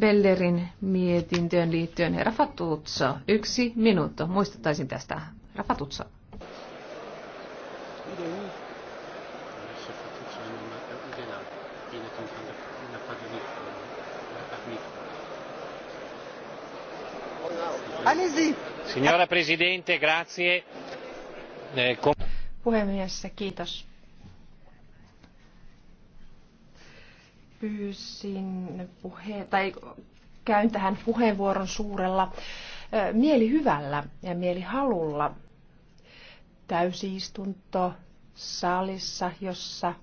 Bellerin mietintöön liittyen. Herra Fatuzzo, yksi minuutto. Muistuttaisin tästä. Herra Fatuzzo. Signora Presidente, grazie. Eh, Puhemies, kiitos pyysin puhe, tai käyn tähän puheenvuoron suurella mielihyvällä ja mielihalulla täysistunto salissa, jossa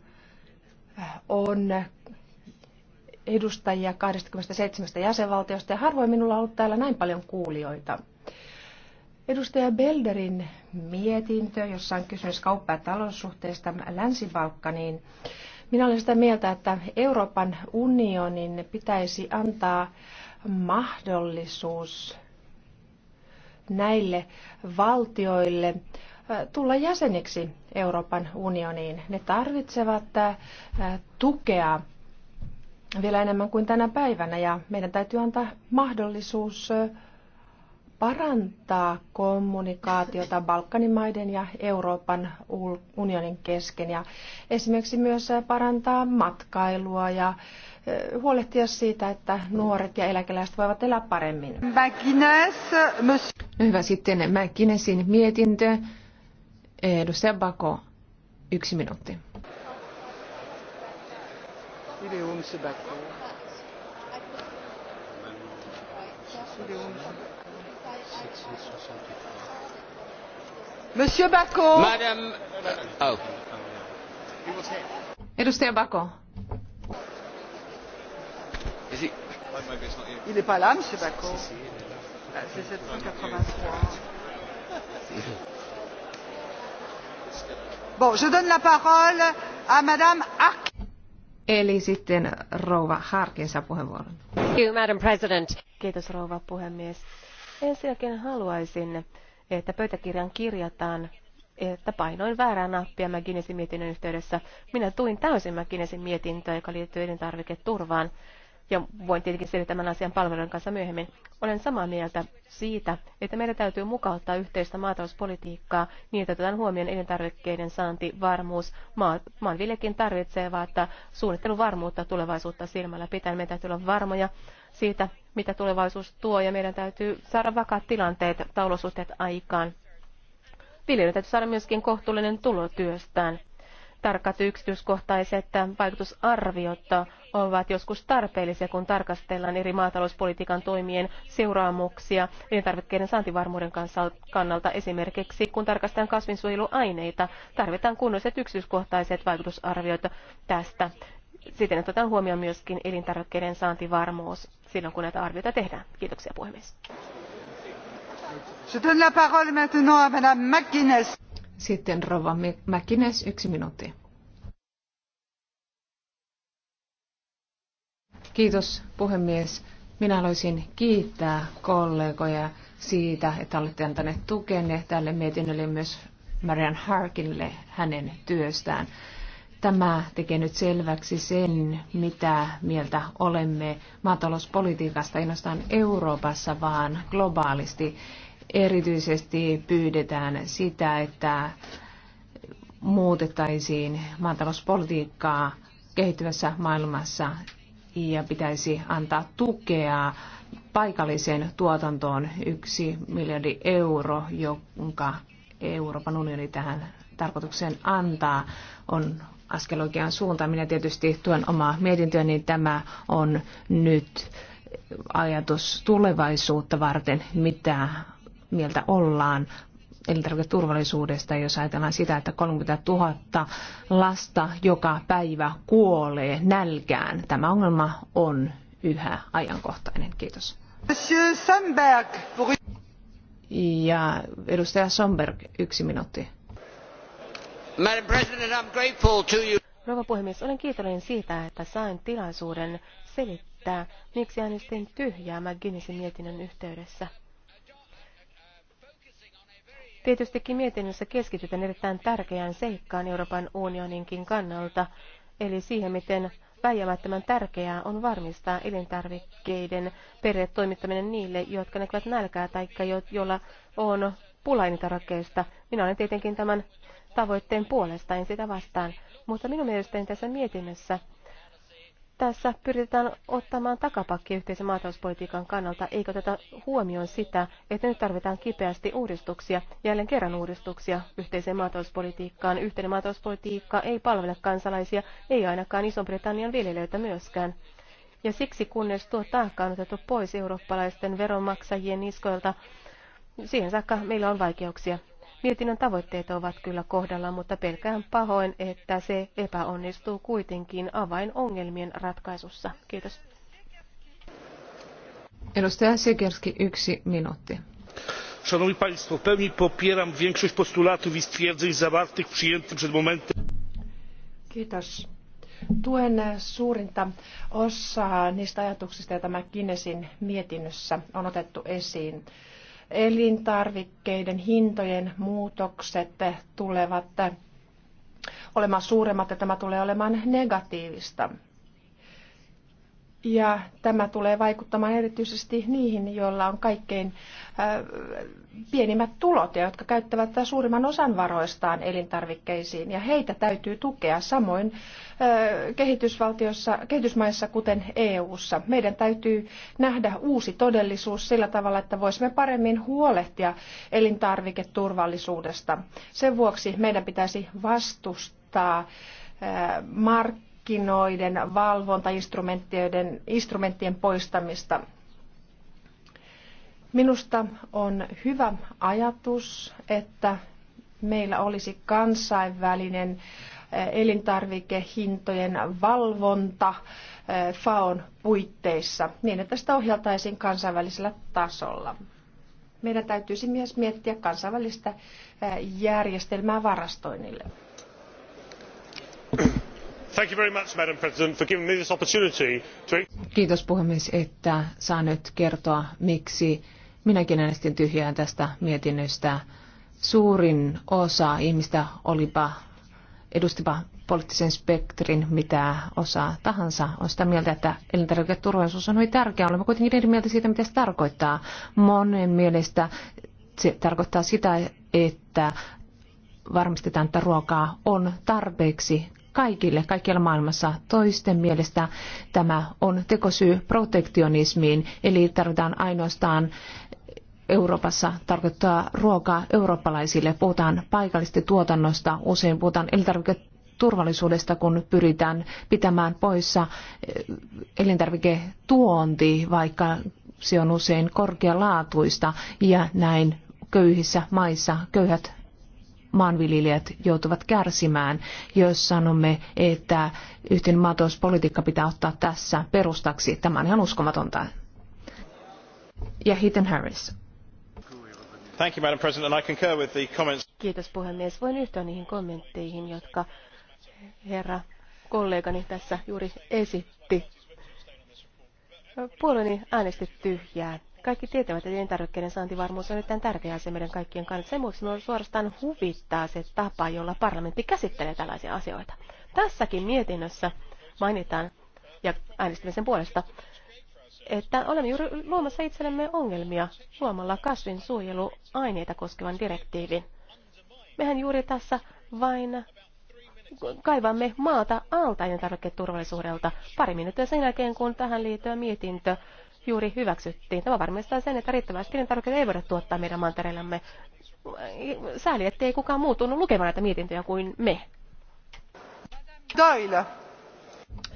on edustajia 27 jäsenvaltiosta ja harvoin minulla on ollut täällä näin paljon kuulijoita. Edustaja Belderin mietintö, jossa on kysymys kauppa- ja taloussuhteista Länsi-Balkaniin, minä olen sitä mieltä, että Euroopan unionin pitäisi antaa mahdollisuus näille valtioille tulla jäseniksi Euroopan unioniin. Ne tarvitsevat tukea vielä enemmän kuin tänä päivänä ja meidän täytyy antaa mahdollisuus parantaa kommunikaatiota Balkanin maiden ja Euroopan unionin kesken ja esimerkiksi myös parantaa matkailua ja huolehtia siitä, että nuoret ja eläkeläiset voivat elää paremmin. No hyvä sitten Mäkinesin mietintö. Edustaja Bako, yksi minuutti. Il est Monsieur Bako. Madame... Oh. Edustaja Il n'est pas là, Monsieur Bako. Ah, c'est 783. Bon, je donne la parole à Madame Eli sitten rouva Harkinsa puheenvuoron. Kiitos rouva puhemies Ensinnäkin haluaisin, että pöytäkirjan kirjataan, että painoin väärää nappia McGinnesin mietinnön yhteydessä. Minä tuin täysin McGinnesin mietintöä, joka liittyy elintarviketurvaan ja voin tietenkin selittää tämän asian palvelujen kanssa myöhemmin. Olen samaa mieltä siitä, että meidän täytyy mukauttaa yhteistä maatalouspolitiikkaa niin, että otetaan huomioon elintarvikkeiden saanti, varmuus. maan maanviljekin tarvitsee vaatia suunnitteluvarmuutta tulevaisuutta silmällä Pitää Meidän täytyy olla varmoja siitä, mitä tulevaisuus tuo, ja meidän täytyy saada vakaat tilanteet taulosuhteet aikaan. Viljelijöiden täytyy saada myöskin kohtuullinen tulo työstään. Tarkat yksityiskohtaiset vaikutusarviot ovat joskus tarpeellisia, kun tarkastellaan eri maatalouspolitiikan toimien seuraamuksia elintarvikkeiden saantivarmuuden kannalta. Esimerkiksi kun tarkastetaan kasvinsuojeluaineita, tarvitaan kunnolliset yksityiskohtaiset vaikutusarviot tästä. Siten otetaan huomioon myöskin elintarvikkeiden saantivarmuus silloin, kun näitä arvioita tehdään. Kiitoksia puhemies. Je donne la parole maintenant à Madame McGuinness. Sitten Rova Mäkines, yksi minuutti. Kiitos puhemies. Minä haluaisin kiittää kollegoja siitä, että olette antaneet tukenne tälle mietinnölle myös Marian Harkinille hänen työstään. Tämä tekee nyt selväksi sen, mitä mieltä olemme maatalouspolitiikasta ei Euroopassa, vaan globaalisti erityisesti pyydetään sitä, että muutettaisiin maatalouspolitiikkaa kehittyvässä maailmassa ja pitäisi antaa tukea paikalliseen tuotantoon yksi miljardi euro, jonka Euroopan unioni tähän tarkoitukseen antaa, on askel oikeaan suuntaan. Minä tietysti tuen omaa mietintöä, niin tämä on nyt ajatus tulevaisuutta varten, mitä mieltä ollaan elintarviketurvallisuudesta, jos ajatellaan sitä, että 30 000 lasta joka päivä kuolee nälkään. Tämä ongelma on yhä ajankohtainen. Kiitos. Ja edustaja Somberg, yksi minuutti. Madam President, I'm grateful to you. Rouva puhemies, olen kiitollinen siitä, että sain tilaisuuden selittää, miksi äänestin tyhjää McGinnisin mietinnön yhteydessä. Tietystikin mietinnössä keskitytään erittäin tärkeään seikkaan Euroopan unioninkin kannalta, eli siihen, miten väijämättömän tärkeää on varmistaa elintarvikkeiden perheet toimittaminen niille, jotka näkevät nälkää tai jo- joilla on pula elintarvikkeista. Minä olen tietenkin tämän tavoitteen puolesta, en sitä vastaan. Mutta minun mielestäni tässä mietinnössä tässä pyritään ottamaan takapakki yhteisen maatalouspolitiikan kannalta, eikä tätä huomioon sitä, että nyt tarvitaan kipeästi uudistuksia, jälleen kerran uudistuksia yhteiseen maatalouspolitiikkaan. Yhteinen maatalouspolitiikka ei palvele kansalaisia, ei ainakaan iso britannian viljelijöitä myöskään. Ja siksi kunnes tuo taakka on otettu pois eurooppalaisten veronmaksajien niskoilta, siihen saakka meillä on vaikeuksia. Mietinnön tavoitteet ovat kyllä kohdalla, mutta pelkään pahoin, että se epäonnistuu kuitenkin avainongelmien ratkaisussa. Kiitos. Edustaja Sikerski, yksi minuutti. Szanowni Państwo, w pełni popieram większość postulatów i stwierdzeń zawartych przyjętym przed momentem. Kiitos. Tuen suurinta osaa niistä ajatuksista, joita kinesin mietinnössä on otettu esiin elintarvikkeiden hintojen muutokset tulevat olemaan suuremmat ja tämä tulee olemaan negatiivista. Ja tämä tulee vaikuttamaan erityisesti niihin, joilla on kaikkein äh, pienimmät tulot ja jotka käyttävät suurimman osan varoistaan elintarvikkeisiin. Ja heitä täytyy tukea samoin äh, kehitysvaltiossa, kehitysmaissa kuten EU:ssa. Meidän täytyy nähdä uusi todellisuus sillä tavalla, että voisimme paremmin huolehtia elintarviketurvallisuudesta. Sen vuoksi meidän pitäisi vastustaa äh, markkinoita markkinoiden valvontainstrumenttien instrumenttien poistamista. Minusta on hyvä ajatus, että meillä olisi kansainvälinen eh, elintarvikehintojen valvonta eh, FAON puitteissa, niin että sitä ohjeltaisiin kansainvälisellä tasolla. Meidän täytyisi myös miettiä kansainvälistä eh, järjestelmää varastoinnille. Kiitos puhemies, että saa nyt kertoa, miksi minäkin äänestin tyhjää tästä mietinnöstä. Suurin osa ihmistä olipa edustipa poliittisen spektrin mitä osaa tahansa, on sitä mieltä, että elintarviketurvallisuus on hyvin tärkeää. Olemme kuitenkin eri mieltä siitä, mitä se tarkoittaa. Monen mielestä se tarkoittaa sitä, että varmistetaan, että ruokaa on tarpeeksi kaikille, kaikkialla maailmassa. Toisten mielestä tämä on tekosyy protektionismiin, eli tarvitaan ainoastaan Euroopassa tarkoittaa ruokaa eurooppalaisille. Puhutaan paikallisesti tuotannosta, usein puhutaan elintarviketurvallisuudesta, kun pyritään pitämään poissa eh, elintarviketuonti, vaikka se on usein korkealaatuista ja näin köyhissä maissa köyhät maanviljelijät joutuvat kärsimään, jos sanomme, että yhteinen maatalouspolitiikka pitää ottaa tässä perustaksi. Tämä on ihan uskomatonta. Ja Heaton Harris. Thank you, Madam President, and I concur with the comments. Kiitos puhemies. Voin yhtyä niihin kommentteihin, jotka herra kollegani tässä juuri esitti. Puoleni äänesti tyhjää kaikki tietävät, että elintarvikkeiden saantivarmuus on erittäin tärkeä asia meidän kaikkien kannalta. Sen vuoksi minua suorastaan huvittaa se tapa, jolla parlamentti käsittelee tällaisia asioita. Tässäkin mietinnössä mainitaan, ja äänestämisen puolesta, että olemme juuri luomassa itsellemme ongelmia luomalla kasvinsuojeluaineita koskevan direktiivin. Mehän juuri tässä vain kaivamme maata alta elintarviketurvallisuudelta pari minuuttia sen jälkeen, kun tähän liittyy mietintö juuri hyväksyttiin. Tämä varmistaa sen, että riittävästi elintarvikkeita ei voida tuottaa meidän mantereillamme. Sääli, ettei kukaan muu tunnu lukemaan näitä mietintöjä kuin me. Doyle.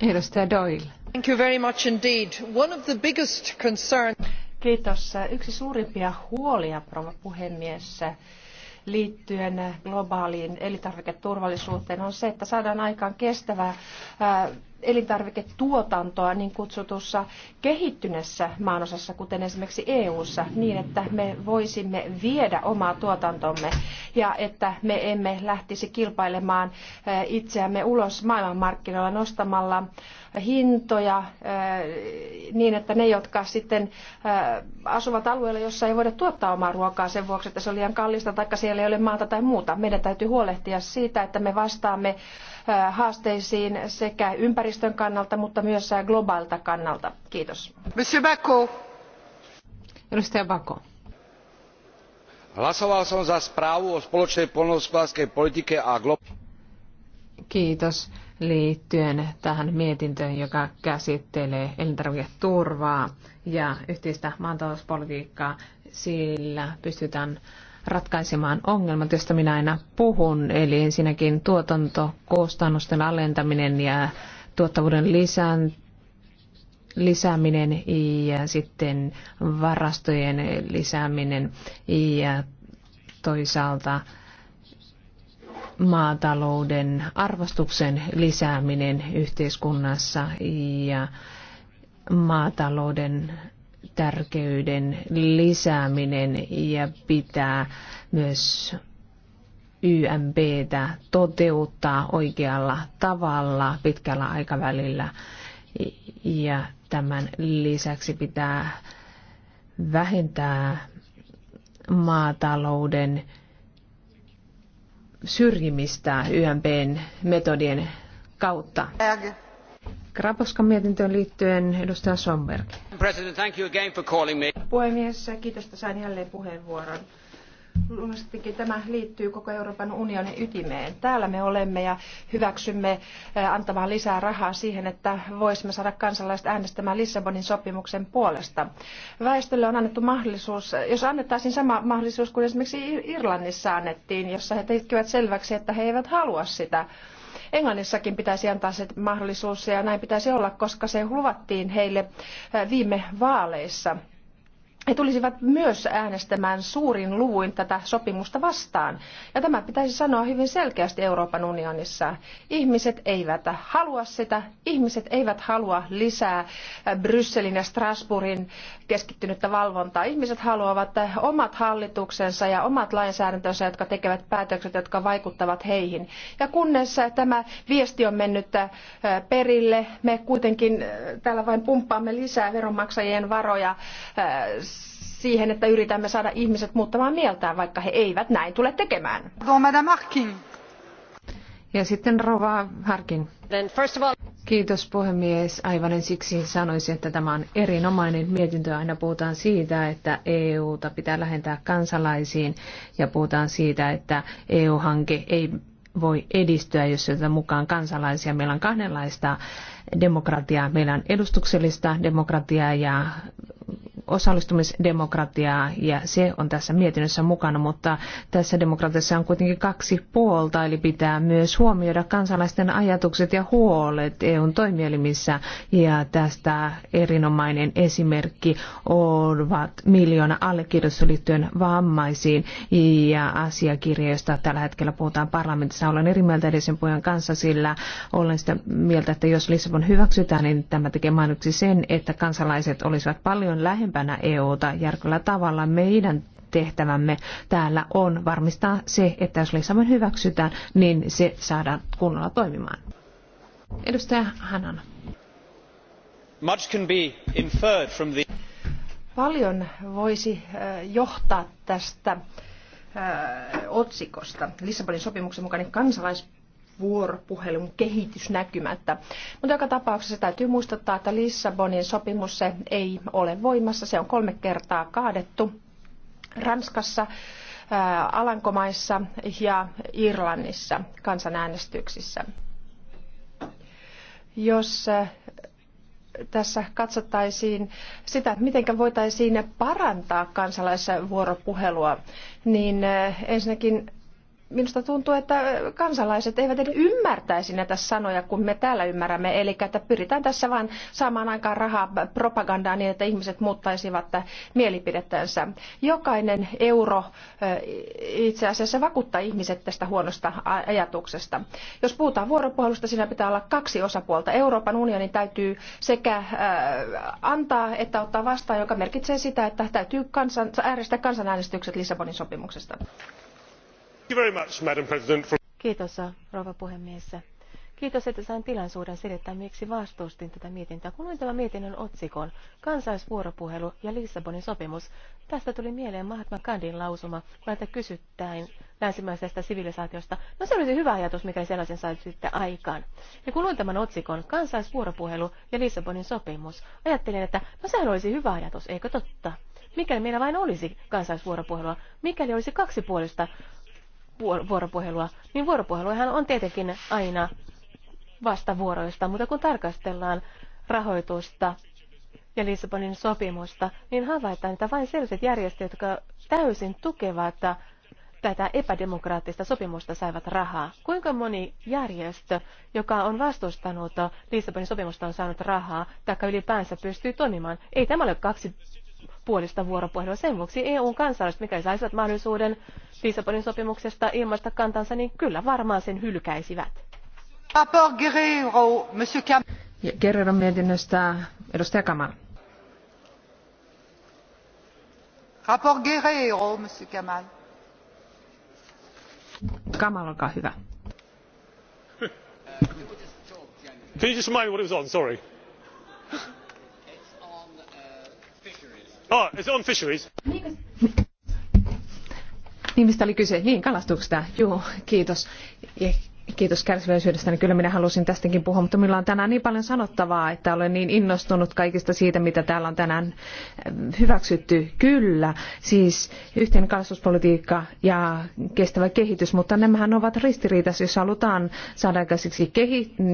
Edustaja Doyle. Thank you very much indeed. One of the biggest concerns... Kiitos. Yksi suurimpia huolia, rouva puhemies, liittyen globaaliin elintarviketurvallisuuteen on se, että saadaan aikaan kestävää elintarviketuotantoa niin kutsutussa kehittyneessä maanosassa, kuten esimerkiksi EU:ssa, niin että me voisimme viedä omaa tuotantomme ja että me emme lähtisi kilpailemaan eh, itseämme ulos maailmanmarkkinoilla nostamalla hintoja eh, niin, että ne, jotka sitten eh, asuvat alueella, jossa ei voida tuottaa omaa ruokaa sen vuoksi, että se on liian kallista tai siellä ei ole maata tai muuta. Meidän täytyy huolehtia siitä, että me vastaamme haasteisiin sekä ympäristö ympäristön kannalta, mutta myös globaalta kannalta. Kiitos. Monsieur Bako. Edustaja Bako. Hlasoval som za správu o spoločnej poľnohospodárskej politike a Kiitos liittyen tähän mietintöön, joka käsittelee elintarviketurvaa ja yhteistä maatalouspolitiikkaa. Sillä pystytään ratkaisemaan ongelmat, joista minä aina puhun, eli ensinnäkin tuotantokustannusten alentaminen ja tuottavuuden lisään, lisääminen ja sitten varastojen lisääminen ja toisaalta maatalouden arvostuksen lisääminen yhteiskunnassa ja maatalouden tärkeyden lisääminen ja pitää myös YMBtä toteuttaa oikealla tavalla pitkällä aikavälillä. Ja tämän lisäksi pitää vähentää maatalouden syrjimistä YMPn metodien kautta. Krapaskan mietintöön liittyen edustaja Somberg. Puhemies, kiitos, että sain jälleen puheenvuoron. Luonnollisestikin tämä liittyy koko Euroopan unionin ytimeen. Täällä me olemme ja hyväksymme antamaan lisää rahaa siihen, että voisimme saada kansalaiset äänestämään Lissabonin sopimuksen puolesta. Väestölle on annettu mahdollisuus, jos annettaisiin sama mahdollisuus kuin esimerkiksi Irlannissa annettiin, jossa he tekevät selväksi, että he eivät halua sitä. Englannissakin pitäisi antaa se mahdollisuus ja näin pitäisi olla, koska se luvattiin heille viime vaaleissa he tulisivat myös äänestämään suurin luvuin tätä sopimusta vastaan. Ja tämä pitäisi sanoa hyvin selkeästi Euroopan unionissa. Ihmiset eivät halua sitä. Ihmiset eivät halua lisää Brysselin ja Strasbourgin keskittynyttä valvontaa. Ihmiset haluavat omat hallituksensa ja omat lainsäädäntönsä, jotka tekevät päätökset, jotka vaikuttavat heihin. Ja kunnes tämä viesti on mennyt perille, me kuitenkin täällä vain pumppaamme lisää veronmaksajien varoja siihen, että yritämme saada ihmiset muuttamaan mieltään, vaikka he eivät näin tule tekemään. Ja sitten Rova Harkin. Kiitos puhemies. Aivan siksi sanoisin, että tämä on erinomainen mietintö. Aina puhutaan siitä, että EUta pitää lähentää kansalaisiin ja puhutaan siitä, että EU-hanke ei voi edistyä, jos sieltä mukaan kansalaisia. Meillä on kahdenlaista demokratiaa. Meillä on edustuksellista demokratiaa ja osallistumisdemokratiaa ja se on tässä mietinnössä mukana, mutta tässä demokratiassa on kuitenkin kaksi puolta, eli pitää myös huomioida kansalaisten ajatukset ja huolet EUn toimielimissä ja tästä erinomainen esimerkki ovat miljoona allekirjoitusta liittyen vammaisiin ja asiakirjoista tällä hetkellä puhutaan parlamentissa. Olen eri mieltä edellisen puhujan kanssa, sillä olen sitä mieltä, että jos Lissabon hyväksytään, niin tämä tekee mainoksi sen, että kansalaiset olisivat paljon lähempänä lähempänä EUta järkyllä tavalla. Meidän tehtävämme täällä on varmistaa se, että jos Lissabon hyväksytään, niin se saadaan kunnolla toimimaan. Edustaja Hanan. Much can be inferred from the... Paljon voisi äh, johtaa tästä äh, otsikosta. Lissabonin sopimuksen mukainen kansalais vuoropuhelun kehitysnäkymättä. Mutta joka tapauksessa täytyy muistuttaa, että Lissabonin sopimus se ei ole voimassa. Se on kolme kertaa kaadettu Ranskassa, Alankomaissa ja Irlannissa kansanäänestyksissä. Jos tässä katsottaisiin sitä, miten voitaisiin parantaa kansalaisvuoropuhelua, niin ensinnäkin minusta tuntuu, että kansalaiset eivät edes ymmärtäisi näitä sanoja, kun me täällä ymmärrämme. Eli että pyritään tässä vain saamaan aikaan rahaa propagandaan niin, että ihmiset muuttaisivat mielipidettänsä. Jokainen euro eh, itse asiassa vakuuttaa ihmiset tästä huonosta ajatuksesta. Jos puhutaan vuoropuhelusta, siinä pitää olla kaksi osapuolta. Euroopan unionin täytyy sekä eh, antaa että ottaa vastaan, joka merkitsee sitä, että täytyy kansan, äänestää kansanäänestykset Lissabonin sopimuksesta arvoisa Kiitos, rouva puhemies. Kiitos, että sain tilaisuuden selittää, miksi vastustin tätä mietintöä. Kun luin tämän mietinnön otsikon, kansalaisvuoropuhelu ja Lissabonin sopimus, tästä tuli mieleen Mahatma Gandhin lausuma, kun näitä kysyttäin länsimaisesta sivilisaatiosta. No se olisi hyvä ajatus, mikä sellaisen saisi sitten aikaan. Ja kun luin tämän otsikon, kansaisvuoropuhelu ja Lissabonin sopimus, ajattelin, että no sehän olisi hyvä ajatus, eikö totta? Mikäli meillä vain olisi kansaisvuoropuhelua, mikäli olisi kaksipuolista vuoropuhelua, niin vuoropuheluhan on tietenkin aina vastavuoroista, mutta kun tarkastellaan rahoitusta ja Lissabonin sopimusta, niin havaitaan, että vain sellaiset järjestöt, jotka täysin tukevat tätä epädemokraattista sopimusta saivat rahaa. Kuinka moni järjestö, joka on vastustanut Lissabonin sopimusta, on saanut rahaa, taikka ylipäänsä pystyy toimimaan? Ei tämä ole kaksi puolista vuoropuhelua. Sen vuoksi EUn kansalaiset, mikä saisivat mahdollisuuden Lissabonin sopimuksesta ilmaista kantansa, niin kyllä varmaan sen hylkäisivät. Guerreron mietinnöstä edustaja Kamal. Rapport Guerrero, monsieur Kamal. Kamal, olkaa hyvä. Can you just remind me what it was on? Sorry. Oh, it's on fisheries. Niin, mistä oli kyse? Niin, kalastuksesta. Joo, kiitos. Kiitos niin Kyllä minä halusin tästäkin puhua, mutta minulla on tänään niin paljon sanottavaa, että olen niin innostunut kaikista siitä, mitä täällä on tänään eh, hyväksytty. Kyllä, siis yhteinen kasvuspolitiikka ja kestävä kehitys, mutta nämähän ovat ristiriitassa, jos halutaan saada aikaiseksi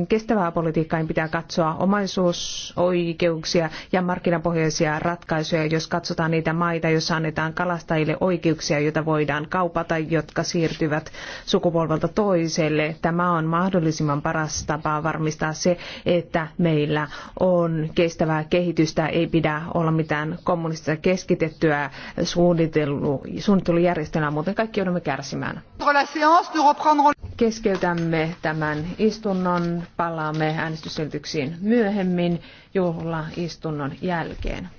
kestävää politiikkaa, niin pitää katsoa omaisuusoikeuksia ja markkinapohjaisia ratkaisuja, jos katsotaan niitä maita, joissa annetaan kalastajille oikeuksia, joita voidaan kaupata, jotka siirtyvät sukupolvelta toiselle tämä on mahdollisimman paras tapa varmistaa se, että meillä on kestävää kehitystä, ei pidä olla mitään kommunistista keskitettyä suunnittelujärjestelmää, muuten kaikki joudumme kärsimään. Keskeytämme tämän istunnon, palaamme äänestysselityksiin myöhemmin juhlaistunnon jälkeen.